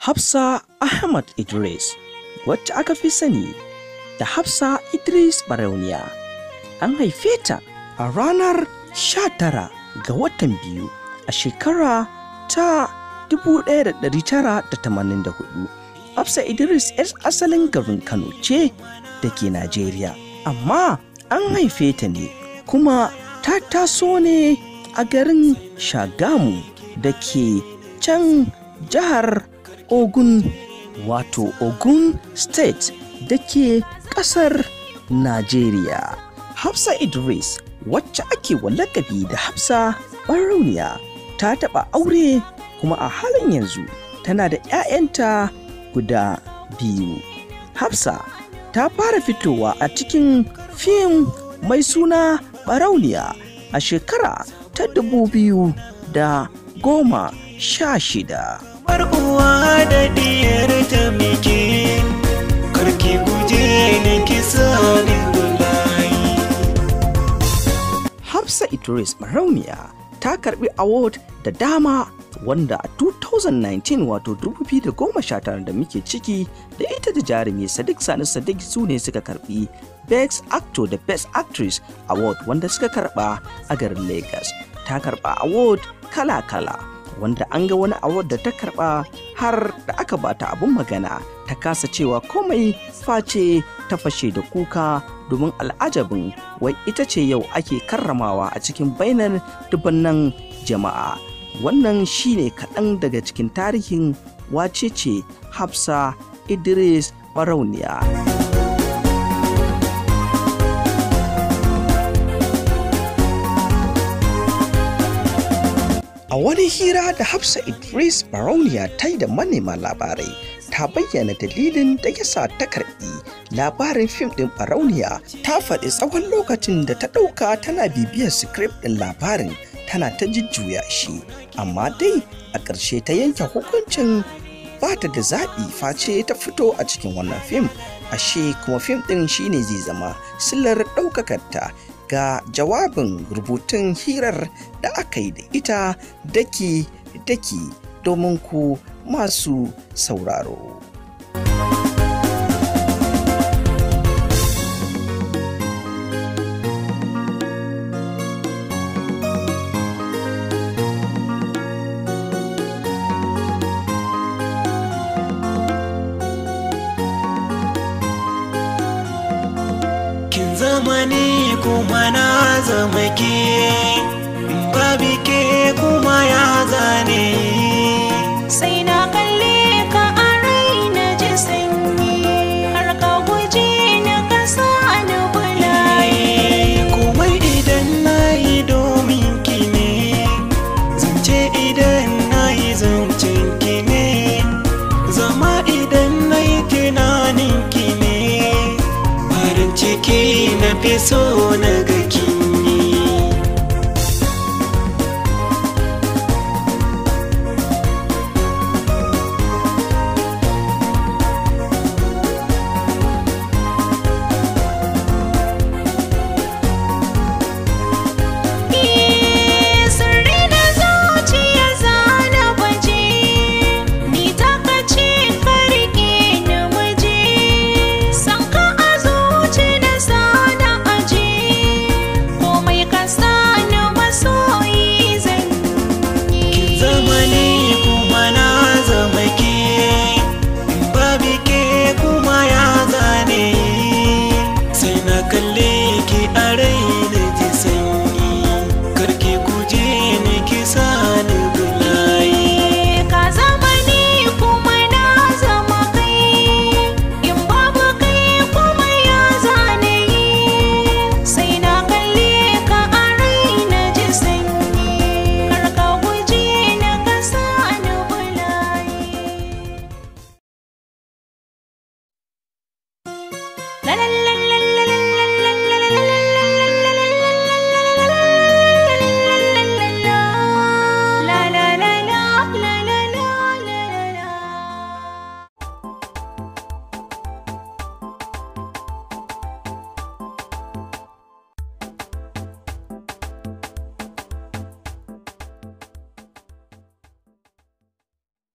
Hafsa Ahmad Idris, wacce aka fi sani da Hafsa Idris Barauniya. An haife ta a ranar sha tara ga watan biyu a shekara ta 1984. Hafsa Idris 'yar asalin garin Kano ce da ke Najeriya, amma an haife ta ne kuma ta taso ne a garin Shagamu da ke can jihar ogun wato ogun state da ke ƙasar najeriya hafsa idris wacce ake lakabi da hafsa barauniya ta taɓa aure kuma a halin yanzu tana da 'ya'yanta guda biyu hafsa ta fara fitowa a cikin fim mai suna barauniya a shekara ta dubu biyu da goma sha shida Har uwa da diyar ta mike Karki guje ni kisa ni Hafsa Idris Marauniya ta karbi award da dama wanda a 2019 wato 2019 da muke ciki da ita da jarumi Sadiq Sani Sadiq su ne suka karbi Best Actor da Best Actress Award wanda suka karba a garin Lagos. Ta karba award kala-kala. wanda an ga wani awar da ta karba har da aka bata abin magana ta kasa cewa komai face ta fashe da kuka domin al'ajabin wai ita ce yau ake karramawa a cikin bainar dubannan jama'a wannan shine kaɗan daga cikin tarihin wacece hafsa idris barauniya. A wani hira da Hafsa Idris Barauniya ta yi da manema labarai ta bayyana dalilin da ya sa ta karɓi labarin fim ɗin Barauniya ta faɗi tsawon lokacin da ta ɗauka tana bibiyar script ɗin labarin tana ta jujjuya shi amma dai a ƙarshe ta yanke hukuncin ba ta da zaɓi face ta fito a cikin wannan fim ashe kuma fim ɗin shine zai zama sillar ɗaukakarta ga jawabin rubutun hirar da aka yi da ita daki-daki domin ku masu sauraro. mani kuma na zama ke babi ke kuma ya zane so na